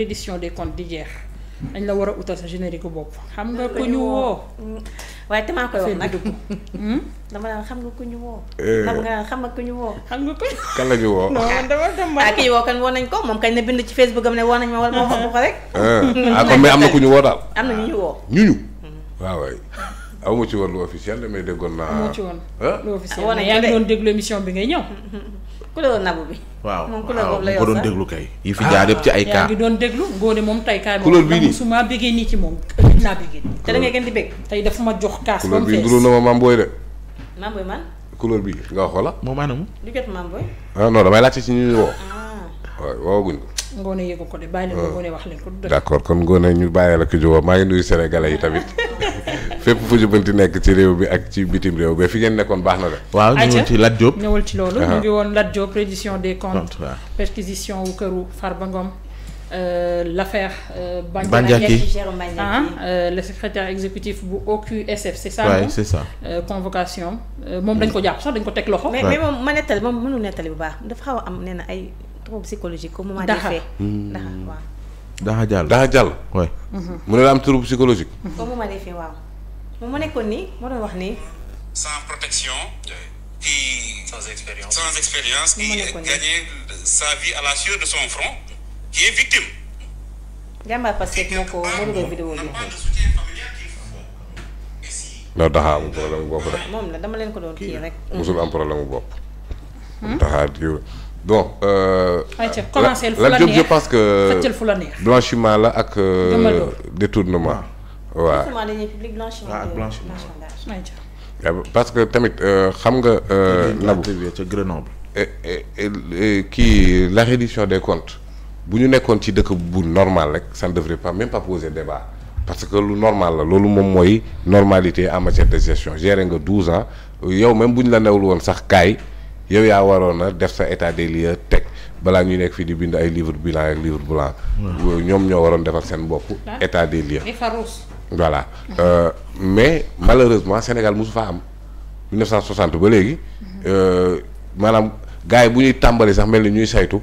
reddition de comptes di jeex dañ la war a utal sa générique bopp xam nga ku ñu woo mm. waaye te maa koy wax hmm? Hmm? Eh. xam nga ku ñu woo xam xam nga ku woo xam nga ku kan woo non man dama dem ah ki ñu woo kan nañ ko moom kañ na bind ci Facebook ne woo nañ ma wala moo xam ko rek eh. ah kon mais am na ku ñu woo daal am na ñu ñu woo ñu ñu hmm. waaw waay aw ma ci woon lu officiel damay déggoon naa amoo ci woon eh? lu officiel yaa ngi doon déglu émission bi ngay ñëw couleur nabu bi. waaw moom couleur boobu la yor sax doon déglu kay. yi fi ah, jaar yëpp ci ay cas yaa doon déglu ngóone moom tey kaay. couleur bii nii su ma bëggee nii ci moom gëj naa bëggee. te da ngay ma jox kaas ba mu fees couleur bii duru na ma maam booy de. maam booy man. maam booy. ah non damay laajte ci ñu ñu woo. Ah. waaw wooguñ ko. ngóone yëgu ko de bàyyi leen ah. kon ngóone ñu bàyyi la ko jóg maa ngi nuyu sénégalais yi tamit fépp fu jubanti nekk ci réew bi ak ci bitim réew ba fi ngeen nekkoon baax na de. waaw ñëwal ci Lat Diop ñëwal ci loolu. ñu ngi woon Lat Diop reddition des comptes. perquisition wu këru Farba euh, euh, ah, euh, bu OQSF c'est ça moom c'est ça convocation moom dañ ko jàpp sax dañ ko teg loxo mais mais moom ma nettali moom bu baax dafa xaw am nee na ay trouble psychologique comme moment des faits hmm. daxa waaw daxa jàll daxa jàll mu ne la am trouble psychologique comme moment des waaw moom ma nekkoon nii moo doon wax nii. sans protection. qui sans expérience sans expérience. qui gagne victime. jàmbaar parce que moo ko moo dugal vidéo bi. non taxaa amul problème bopp rek. Ah, moom la dama leen ko doon kii rek. musul am problème bu bopp. Hmm? taxaa kii bon. Euh, ayca commencé la neex je fu la neex. blanchiment la ak. Euh, détournement. waaw justement dañuy public blanchiment ak blanchiment parce que tamit euh, xam nga. Euh, nabu kii la reddition des bu ñu nekkoon ci dëkk bu normal rek ça ne devrait pas même pas poser débat parce que lu normal la loolu moom mooy normalité en matière de gestion géré nga 12 ans yow même bu ñu la newul woon sax kaay yow yaa waroon a def sa état des lieux teg balaa ñuy nekk fii di bind ay livre bilan ak livre blanc. ñoom ñoo waroon defar seen bopp. état des lieux. voilà euh, mais malheureusement Sénégal mosu fa am 1960 ba léegi euh, maanaam gars yi bu ñuy tàmbali sax mel ni ñuy saytu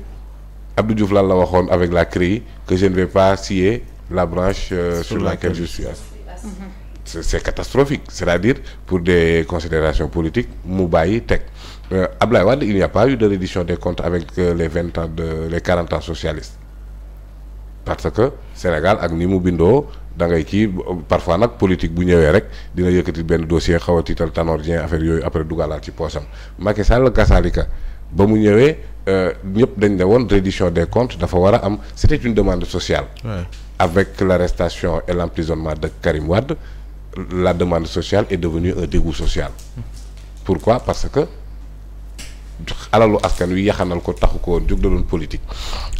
Abdou Diouf lan la waxoon avec la CREI que je ne vais pas scier la branche euh, sur laquelle je suis c'est, c'est catastrophique c'est-à-dire pour des considérations politiques mu bàyyi teg euh, Ablaye Wade il n'y a pas eu de reddition des comptes avec euh, les vingt ans de les quarante ans socialistes parce que Sénégal ak ni mu bindoo da ngay kii parfois nag politique bu ñëwee rek dina yëkkati benn dossier xaw a tiital Tanor Dieng affaire yooyu après dugalaat ci poosam Macky Sall kasaalika ba mu ñëwee euh, ñëpp dañ ne woon reddition des comptes dafa war a am c'était une demande sociale. avec l'arrestation et l'emprisonnement de Karim wadd la demande sociale et devenue un dégoût social. pourquoi parce que. alalu askan wi yaxanal ko taxu ko woon jóg da doon politique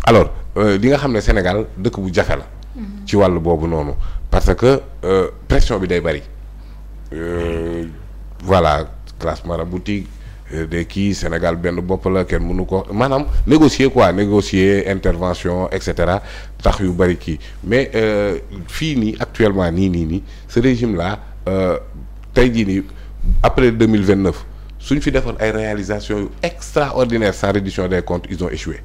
alors euh, li nga xam ne Sénégal dëkk bu jafe la. Mm-hmm. ci wàll boobu noonu parce que euh, pression bi day bari euh, voilà classe maraboutique euh, de kii Sénégal benn bopp la kenn mënu ko maanaam négocier quoi négocier intervention et cetera tax yu bari kii mais fii nii actuellement nii nii nii ce régime là tey jii nii après deux mille vingt neuf suñ fi defoon ay réalisations yu extraordinaire sans reddition des comptes ils ont échoué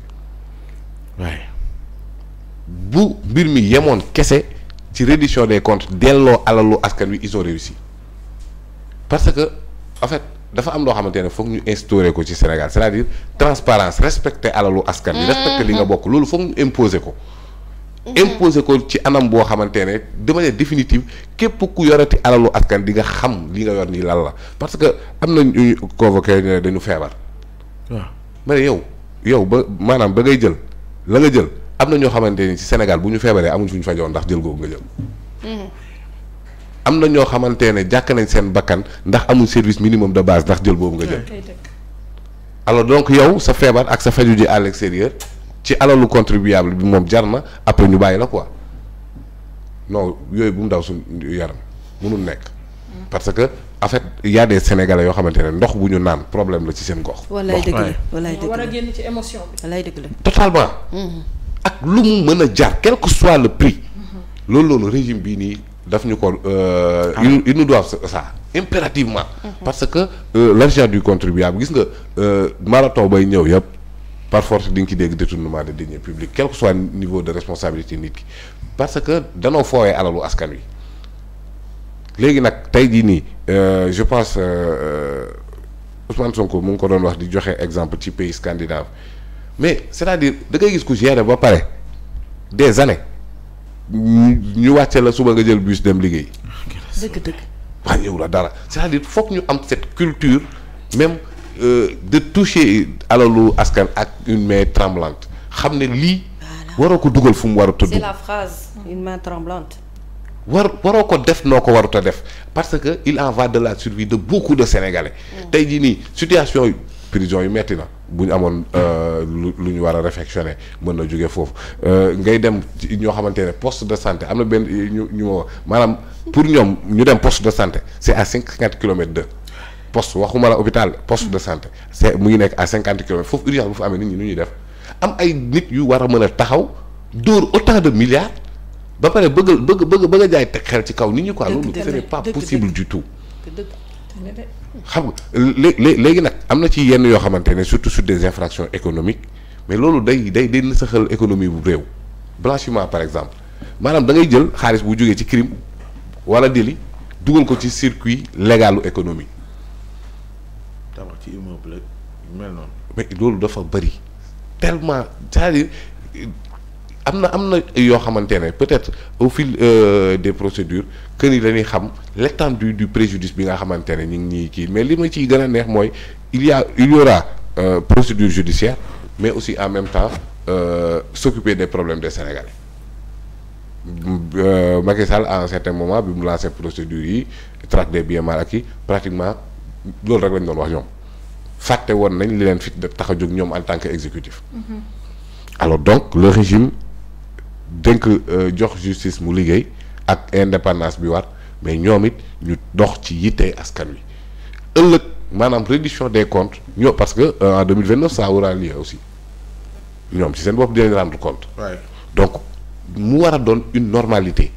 waaye bu mbir mi yemoon kese ci reddition des comptes delloo alalu askan bi ils ont réussi parce que en fait dafa am loo xamante ne foog ñu instaurer ko ci Sénégal c'est-à-dire transparence respecter alalu askan wi mm-hmm. respecter li nga bokk loolu foog ñu imposer ko Mm-hmm. imposer ko ci anam boo xamante ne de manière définitive képp ku yorati alalu askan di nga xam li nga yor nii lan la parce que am na ñu convoqué dañu feebar. waaw ma yow yow ba maanaam ba ngay jël la nga jël am na ñoo xamante ni ci Sénégal bu ñu feebaree amuñ fu ñu fajoon ndax jël googu nga jël. Mm-hmm. na ñoo xamante ne jàkk nañ seen bakkan ndax amul service minimum de base ndax jël boobu nga jël. alors donc yow sa feebar ak sa faju ji à l'extérieur ci alalu contribuable bi moom jar na après ñu bàyyi la ko non yooyu bu mu daw suñ yaram mënul nekk. parce que en fait y des sénégalais yoo xamante ne ndox bu ñu naan problème la ci seen gox. wallaay dëgg la wallaay war a génn ci émotion bi. wallaay dëgg totalement. Mhm. ak lu mu mën a jar quel que soit le prix. loolu loolu régime bii nii daf ñu ko. Euh, ah. il il nous impérativement. Mhm. parce que euh, l'argent du contribuable gis nga euh, marathon bay ñëw yëpp. par force di nga ci dégg détournement de deniers publics quel que soit niveau de responsabilité nit ki parce que danoo foowee alalu askan wi léegi nag tey jii nii euh, je pense euh, euh, Ousmane Sonko mu ngi ko doon wax di joxe exemple ci pays scandinave mais c'est-à-dire da ngay gis ku gérer ba pare des années ñu wàcce la suba nga jël bus dem liggéey. dëgg dëgg. waaw yow la dara c'est-à-dire foog ñu am cette culture même. Euh, de toucher alalu askan ak une main tremblante xam ne lii. waroo ko dugal fu mu war a tudd. c'est la phrase war waroo ko def noo ko warut a def parce que il en va de la survie de beaucoup de sénégalais. Mm. tey jii nii situation yi prison yu metti na bu ñu amoon euh, lu lu ñu war a réfectionné mën na jóge foofu euh, ngay dem ñoo xamante ne poste de santé am na benn ñu ñu ma maanaam pour ñoom ñu dem poste de santé c'est à cinq cinquante kilomètres de. poste waxuma la hôpital poste de santé c'est mu ngi nekk à cinquante kilomètres foofu urgence bu fa amee nit ñi nu ñuy def am ay nit yu war a mën a taxaw dóor autant de milliards ba pare bëgg bëgg bëgg bëgg a jaay teg xel ci kaw nit ñi quoi loolu ce n'est pas possible xam nga léegi nag am na ci yenn yoo xamante ne surtout sur des infractions économiques mais loolu day day day nasaxal économie bu réew blanchiment par exemple maanaam da ngay jël xaalis bu jógee ci crime wala déli dugal ko ci circuit légalu économie ci immeuble loolu dafa bëri tellement cest am na am na yoo xamante ne peut-être au fil euh, des procédures que ni dañuy xam l'étendue du préjudice bi nga xamante ne ñu ngi ñuy kii mais li ma ci gën a neex mooy il y a il y aura euh, procédure judiciaire mais aussi en même temps euh, s'occuper de problèmes de Sénégalais. Euh, Macky Sall à un certain moment bi mu lancé procédure yi traque des biens mal acquis pratiquement loolu rek lañ doon wax ñoom. fàtte woon nañ li leen fi tax a jóg ñoom en tant que exécutif mhm. alors donc le régime dénk euh, jox justice mu liggéey ak indépendance bi war mais ñoom it ñu dox ci yittee askan wi ëllëg maanaam reddition des comptes ñoo parce que euh, en 2029 ça aura lieu aussi ñoom ci seen bopp dinañ rendre compte donc mu war a doon une normalité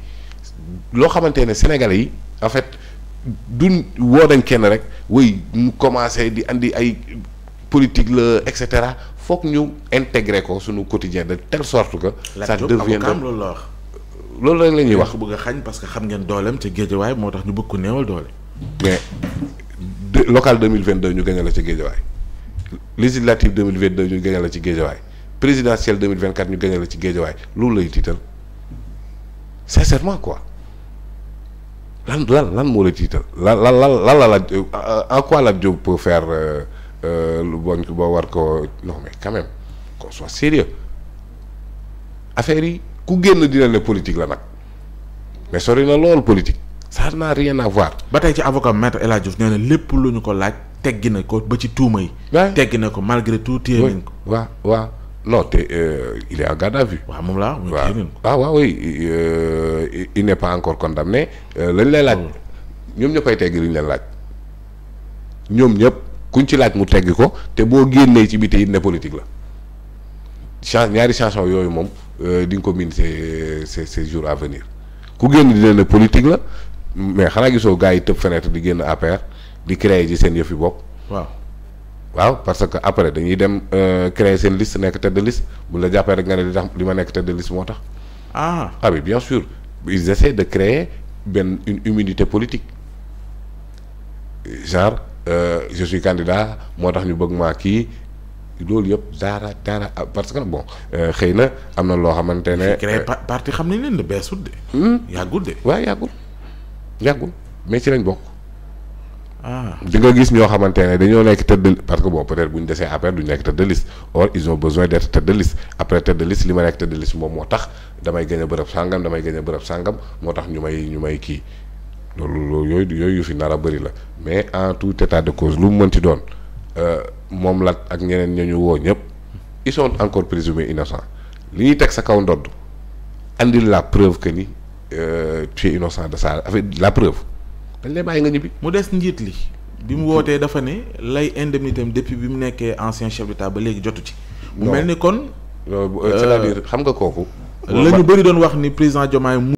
loo xamante ne sénégalais yi en fait duñ woo dañ kenn rek way mu commencé di andi ay politique la et cetera foog ñu intégré ko suñu quotidien de tele sorte que. ça devient loolu la wax. loolu rek la ñuy wax bëgg xañ parce que xam ngeen dooleem ca géejawaay moo tax ñu bëgg ko néewal doole. mais de local deux mille vingt deux ñu gagné la ci géejawaay législative deux mille vingt deux ñu gagné la ci géejawaay présidentielle deux mille vingt quatre ñu gagné la ci géejawaay loolu lay tiital sincèrement quoi. lan lan lan moo la tiital lan lan lan lan la la en euh, quoi la Diop peut faire euh, euh, lu bon ba war ko non mais quand même qu'on soit sérieux affaire yi ku génn dina ne politique la nag mais sori na loolu politique ça n'a rien à voir. ba tey ci avocat maître El Hadj Diouf nee na lépp lu ñu ko laaj teggi na ko ba ci tuuma yi. teggi na ko malgré tout téye nañ ko. waaw waaw. non te euh, il est en garde à vue. waaw moom laa waaw ah waaw oui euh, pas encore condamné. Euh, lañ lay laaj mm. ñoom ñoo koy teggi li leen laaj ñoom ñëpp kuñ ci laaj mu teggi ko te boo génnee ci biti it ne politique la change ñaari chanson yooyu moom euh, di nga ko miin ces ces ces jours à venir ku génn dina ne politique la mais xanaa gisoo gars yi tëb fenêtre di génn APR di créer ji seen yëf yi bopp waaw. waaw parce que après dañuy dem euh, créer seen liste nekk tête de bu la jàppee rek nga ne li li ma nekk tête de moo tax. ah ah oui bien sûr ils essaient de créer benn une humidité politique genre euh, je suis candidat moo tax ñu bëgg maa kii loolu yëpp dara dara ah, parce que bon euh, xëy na am na loo xamante ne. créé euh, parti xam nañ leen ne beesut de. Hmm? yàggul de. waaw yàggul yàggul mais ci lañ bokk. Ah. di nga gis ñoo xamante ne dañoo nekk tête parce que bon peut-être bu ñu desee après duñu nekk tête de liste or ils ont besoin d'être tête de liste après tête de liste li ma nekk tête de moom moo tax damay gagné bërëb sàngam damay gagné bërëb sàngam moo tax ñu may ñu may kii loolu loolu yooyu yooyu yu fi nar a bëri la mais en tout état de cause lu mu mënti doon euh, moom lat ak ñeneen ña ñu woo ñëpp ils sont encore présumés innocents li ñuy teg sa kaw ndodd andil la preuve que ni euh, tu es innocent de ça avec la preuve. dañ lay nga ñibbi. mu des njiit li bi mu wootee dafa ne lay indemnité am depuis bi mu nekkee ancien chef d'État ba léegi jotu ci. mu mel ni kon. Euh, cest à nga kooku. la ñu bëri doon wax ni président Diomaye